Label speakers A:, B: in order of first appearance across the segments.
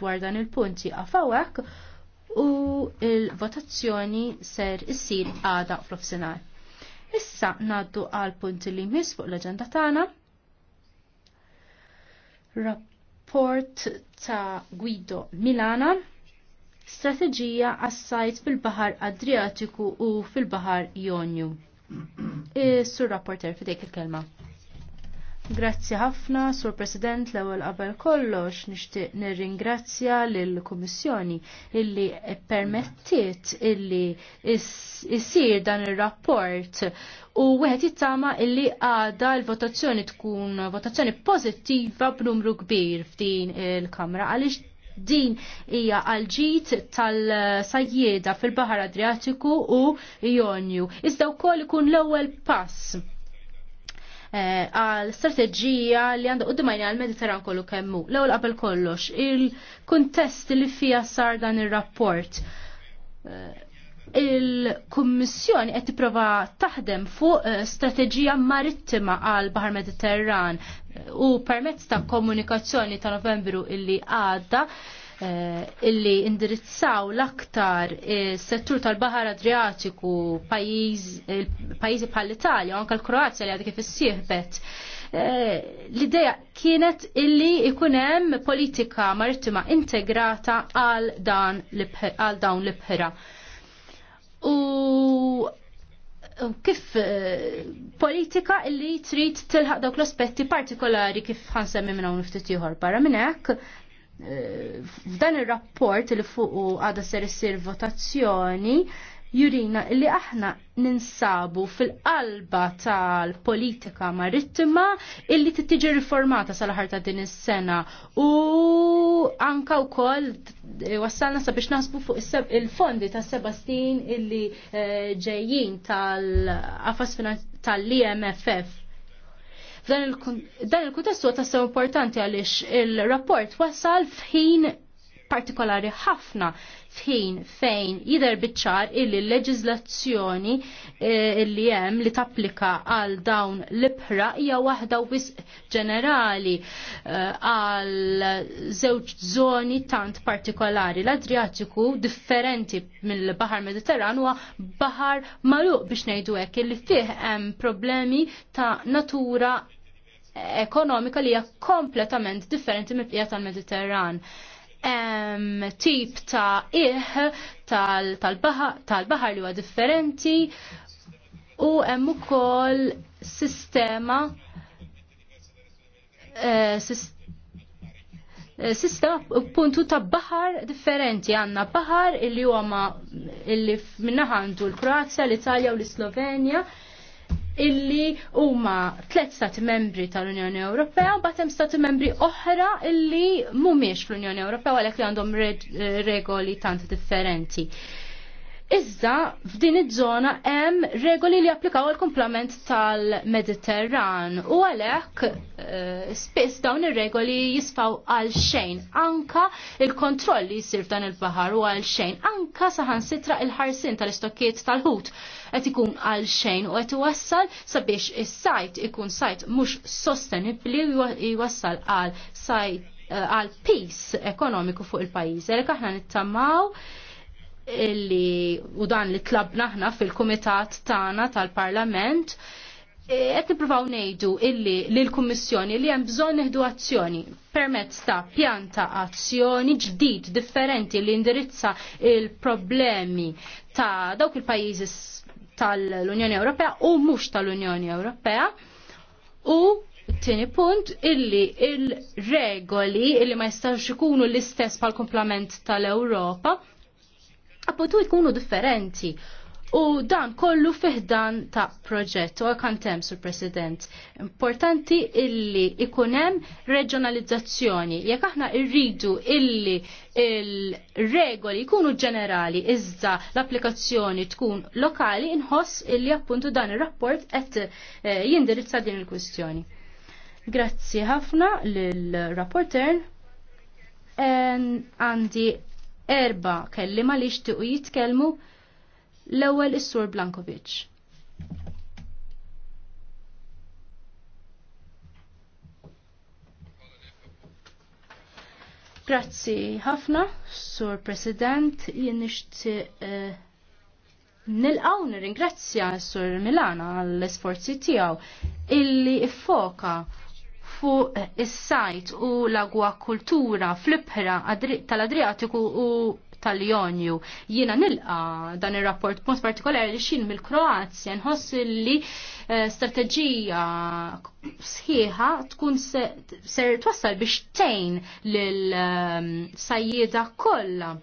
A: dwar dan il-punti għafawak u il-votazzjoni ser issir għada fl-ofsenar. Issa naddu għal punti li mis fuq l-agenda tagħna. Rapport ta' Guido Milana strateġija għas-sajt fil-Bahar Adriatiku u fil-Bahar Jonju. Eh, sur rapporter fidejk il-kelma. Grazzi ħafna, Sur President, l-ewwel qabel kollox nixtieq nirringrazzja lill kummissjoni illi permettiet illi issir dan ir-rapport u wieħed jittama illi għada l-votazzjoni tkun votazzjoni pożittiva b'numru kbir f'din il-Kamra għaliex din hija għalġit tal-sajjeda fil-Bahar Adriatiku u Jonju. Iżda wkoll ikun l-ewwel pass Eh, għal strateġija li għandha qudiemajna għal mediterran kollu kemmu. L-ewwel qabel kollox, il kontest li fija sar dan ir-rapport eh, il-Kummissjoni qed tipprova taħdem fuq eh, strateġija marittima għal Baħar Mediterran u permezz ta' komunikazzjoni ta' Novembru illi għadda Eh, illi indirizzaw l-aktar eh, settur tal-Bahar Adriatiku pajjiżi eh, bħal italja u anke l-Kroazja li għadha kif issieħbet. L-ideja kienet illi ikunem politika marittima integrata għal dawn l-ibħra. U kif politika illi trid tilħaq dawk l-aspetti partikolari kif ħansemmi minn hawn ftit ieħor barra minn hekk f'dan ir-rapport li fuq għada ser issir votazzjoni jurina li aħna ninsabu fil-qalba tal-politika marittima illi tittiġi riformata sal-ħar ta' din is-sena u anka wkoll wassalna sabiex naħsbu fuq il-fondi ta' seba' snin illi eh, ġejjin tal-qafas tal-IMFF Dan il kontestu huwa tassew importanti għaliex il-rapport wasal f'ħin partikolari ħafna f'ħin fejn jidher bitċar illi l-leġiżlazzjoni eh, li hemm li tapplika għal dawn l-ibħra hija waħda wisq ġenerali eh, għal żewġ żoni tant partikolari. L-Adriatiku differenti mill-Baħar Mediterran huwa baħar magħluq biex ngħidu hekk illi fih hemm problemi ta' natura ekonomika li hija kompletament differenti mill-qija tal-Mediterran. Um, tip ta' iħ tal-bahar tal tal li huwa differenti u hemm ukoll sistema uh, sistema puntu ta' bahar differenti għanna bahar illi huwa ma' illi minnaħandu l-Kroazja, l-Italja u l-Slovenja illi huma tliet stati membri tal-Unjoni Ewropea u hemm stati membri oħra illi mhumiex fl-Unjoni Ewropea għalhekk li għandhom eh, regoli tant differenti. Iżda f'din iż-żona hemm regoli li applikaw għall kumplament tal-Mediterran u għalhekk eh, spiss dawn ir-regoli jisfaw għal xejn anka il-kontroll li jsir f'dan il-baħar u għal xejn anka saħansitra il-ħarsin tal-istokkiet tal-ħut qed ikun għal xejn u qed iwassal sabiex is-sajt ikun sajt mhux sostenibbli u jwassal għal sajt eh, għal peace ekonomiku fuq il-pajjiż. Għalhekk aħna nittamaw illi u dan li tlabna ħna fil-Kumitat tagħna tal-Parlament e, qed nippruvaw ngħidu illi lill-Kummissjoni li hemm bżonn neħdu azzjoni permezz ta' pjanta azzjoni ġdid differenti li indirizza il-problemi ta' dawk il-pajjiżi tal-Unjoni Ewropea u mhux tal-Unjoni Ewropea u Tini punt, illi il-regoli illi ma jistax ikunu l-istess pal komplement tal-Europa appotu jkunu differenti. U dan kollu fiħdan ta' proġett u tem, Sur President. Importanti illi ikunem reġjonalizzazzjoni. Jekk aħna irridu illi il-regoli jkunu ġenerali iżda l-applikazzjoni tkun lokali, inħoss illi appuntu dan ir-rapport qed eh, jindirizza din il-kwistjoni. Grazzi ħafna lill-rapporter. Għandi erba kellima li xtiqu jitkellmu l-ewwel is-Sur Blankovic. Grazzi ħafna, Sur President, jien nixtieq uh, nilqaw nirringrazzja Sur Milana għall-esforzi tiegħu illi iffoka fuq is-sajt u l-agwa kultura fl-ibħra tal-Adriatiku u tal-Jonju. Jiena nilqa dan ir-rapport punt partikolari li xin mill-Kroazja nħoss li eh, strateġija sħiħa tkun ser twassal biex tejn lil eh, sajjida kollha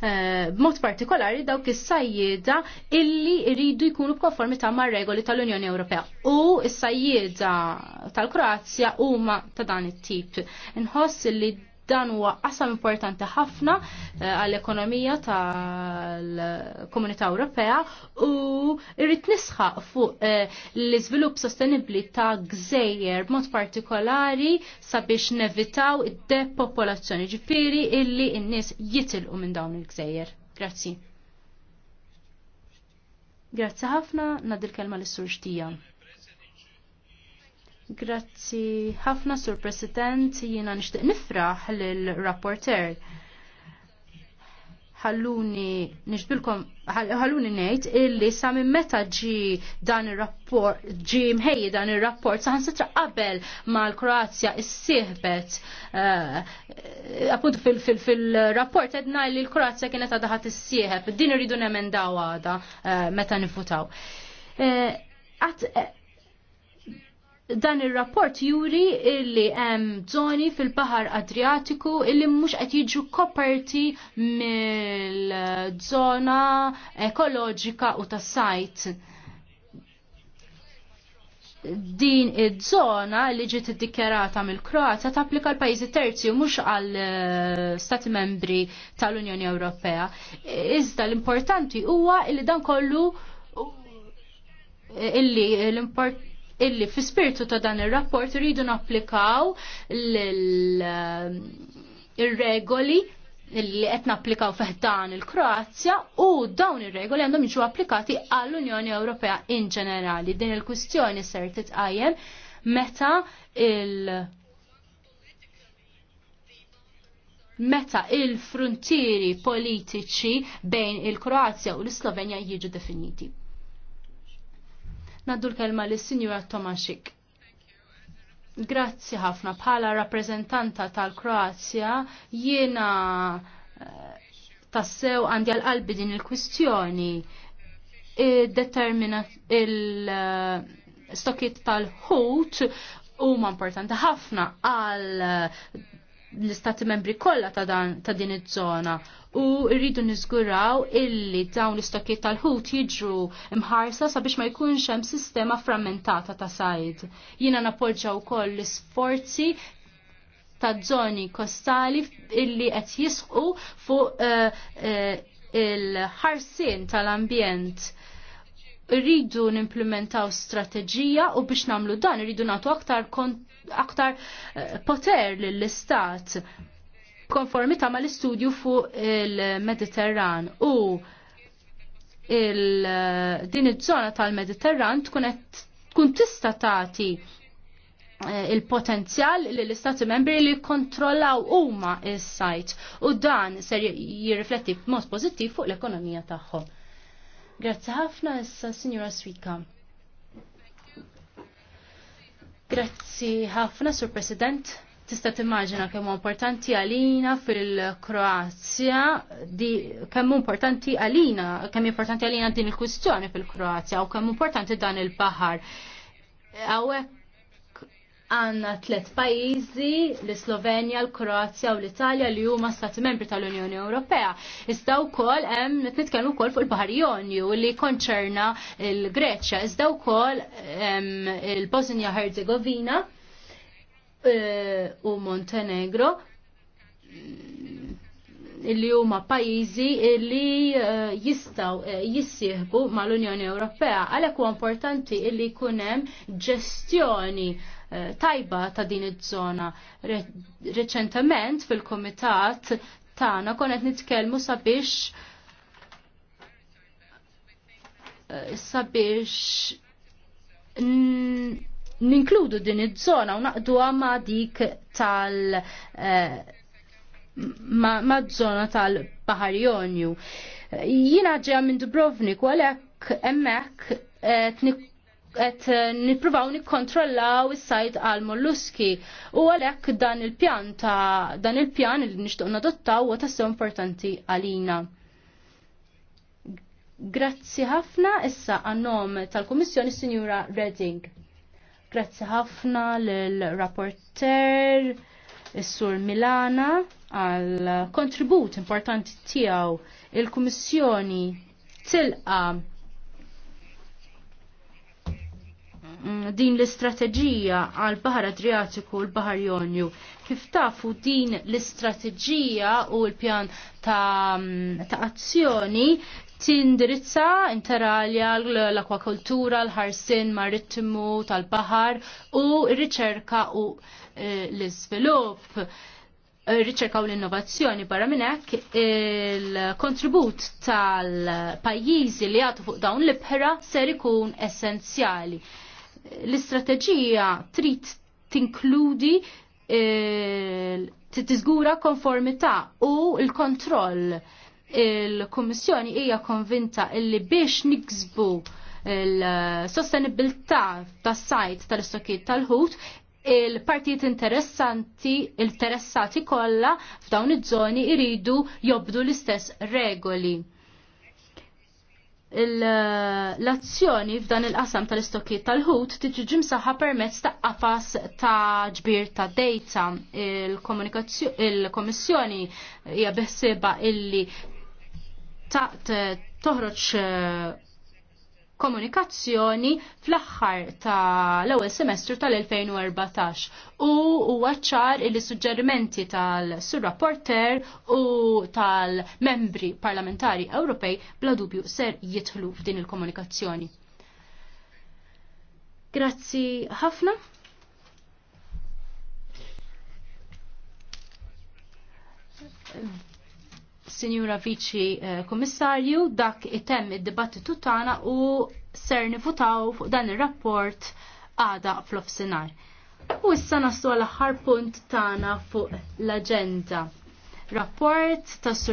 A: Eh, b'mod partikolari dawk is-sajjieda illi jridu jkunu ta' mar regoli tal-Unjoni Ewropea. U s-sajjieda tal-Kroazja huma ta' dan it-tip. Inħoss li dan huwa qasam importanti ħafna eh, għall-ekonomija tal-Komunità Ewropea u irrid nisħaq fuq eh, l-iżvilupp sostenibbli ta' gżejjer b'mod partikolari sabiex nevitaw id-depopolazzjoni ġifieri illi n-nies jitilqu minn dawn il-gżejjer. Grazzi. Grazzi ħafna, nadil kelma l-sur xtija. Grazzi ħafna sur President, jiena nixtieq nifraħ lill rapporter ħalluni nixbilkom ħalluni ngħid illi sa minn meta ġi dan ir-rapport ġi mħejji dan ir-rapport sa ħansitra qabel mal-Kroazja issieħbet eh, appuntu fil-rapport edna li l-Kroazja kienet għadha ħadd issieħeb din irridu nemendaw għada eh, meta nifutaw. Eh, dan ir-rapport juri illi hemm żoni fil-Baħar Adriatiku illi mhux qed jiġu koperti mill-żona ekoloġika u tas-sajt. Din iż-żona li ġiet iddikjarata mill-Kroazja tapplika l pajjiżi terzi u mhux għal eh, stati membri tal-Unjoni Ewropea. Iżda l-importanti huwa illi dan kollu eh, illi l-importanti illi fi spiritu ta' dan ir-rapport rridu napplikaw l-regoli um, illi qed napplikaw dan il-Kroazja u dawn ir-regoli għandhom jiġu applikati għall-Unjoni Ewropea in ġenerali. Din il-kwistjoni ser titqajjem meta il- meta il-frontieri politiċi bejn il-Kroazja u l-Slovenja jiġu definiti. Naddu l-kelma l-Sinjura Tomaxik. Grazzi ħafna bħala rappreżentanta tal-Kroazja jiena eh, tassew għandi għal-qalbi din il-kwistjoni determina il eh, stokiet tal-ħut huma importanti ħafna għal eh, l-istati membri kollha ta' dan ta' din iż-żona u rridu niżguraw illi dawn l istokiet tal-ħut jiġru imħarsa sabiex ma jkunx hemm sistema frammentata ta' sajd. Jiena nappoġġa wkoll l-isforzi ta' żoni kostali illi qed jisqu fuq uh, uh, il-ħarsien tal-ambjent rridu nimplementaw strateġija u biex namlu dan rridu natu aktar, aktar eh, poter lill-istat konformita ma l-istudju fuq il-Mediterran u il eh, din iż-żona tal-Mediterran tkun tkun tista' tagħti eh, il-potenzjal li l-istati membri li kontrollaw huma is-sajt u dan ser jirrifletti b'mod pożittiv fuq l-ekonomija tagħhom. Grazzi ħafna issa Signora Swika. Grazzi ħafna, Sur President. Tista' timmaġina kemm importanti għalina fil-Kroazja, di kemm importanti għalina, kemm importanti għalina din il-kwistjoni fil-Kroazja u kemm importanti dan il-baħar. Għawek għanna tlet pajizi, l-Slovenja, l-Kroazja u l-Italja li huma stati membri tal-Unjoni Ewropea. Iżda wkoll hemm nitkellmu wkoll fuq il-Baħar Jonju li konċerna l-Greċja, iżda wkoll il-Bosnia Herzegovina eh, u Montenegro li huma pajjiżi li eh, jistgħu eh, jissieħbu mal-Unjoni Ewropea għalhekk huwa importanti li jkun hemm ġestjoni tajba ta' din iż-żona. Reċentement fil-Komitat tagħna konet nitkellmu sabiex eh, sabiex ninkludu din iż-żona u naqduha ma' dik tal eh, ma', żona tal-Bahar Jonju. Jina ġeja minn Dubrovnik u għalhekk hemmhekk qed eh, nippruvaw nikkontrollaw is-sajt għal molluski u għalhekk dan il-pjan ta' dan il-pjan li nishtuq nadottaw huwa tassew importanti għalina. Grazzi ħafna issa għannom tal-Kummissjoni Signora Redding. Grazzi ħafna l-rapporter sur Milana għal kontribut importanti tiegħu il-Kummissjoni tilqa' Mm, din l-istrateġija għal bahar Adriatiku u l-Bahar Jonju. Kif tafu din l-istrateġija u l-pjan ta', mm, ta azzjoni tindirizza interalja l-akwakultura, l-ħarsin marittimu tal-bahar u r-riċerka u eh, l-izvilup eh, riċerka u l-innovazzjoni barra minn hekk il-kontribut tal-pajjiżi li għatu fuq dawn l-ibħra ser ikun essenzjali l-istrateġija trid tinkludi eh, tiżgura konformità u l-kontroll. Il-Kummissjoni hija konvinta illi biex niksbu l sostenibilità tas-sajt tal istokiet tal-ħut il-partijiet interessanti, interessati kollha f'dawn iż-żoni iridu jobdu l-istess regoli l-azzjoni f'dan il-qasam tal-istokkiet tal-ħut tiġi ġimsaħħa permezz ta' qafas ta' ġbir ta' dejta Il-Komissjoni hija beħsieba illi ta' toħroġ komunikazzjoni fl-aħħar ta' l-ewwel semestru tal-2014 u huwa ċar il suġġerimenti tal-surrapporter u tal-membri parlamentari Ewropej bla dubju ser jitħlu f'din il-komunikazzjoni. Grazzi ħafna. Mm. Sinjura Viċi eh, Komissarju, dak item id-dibattitu tagħna u ser nifutaw fuq dan ir-rapport għada fl-offsinar. U issa naslu l-aħħar punt tagħna fuq l-aġenda. Rapport tas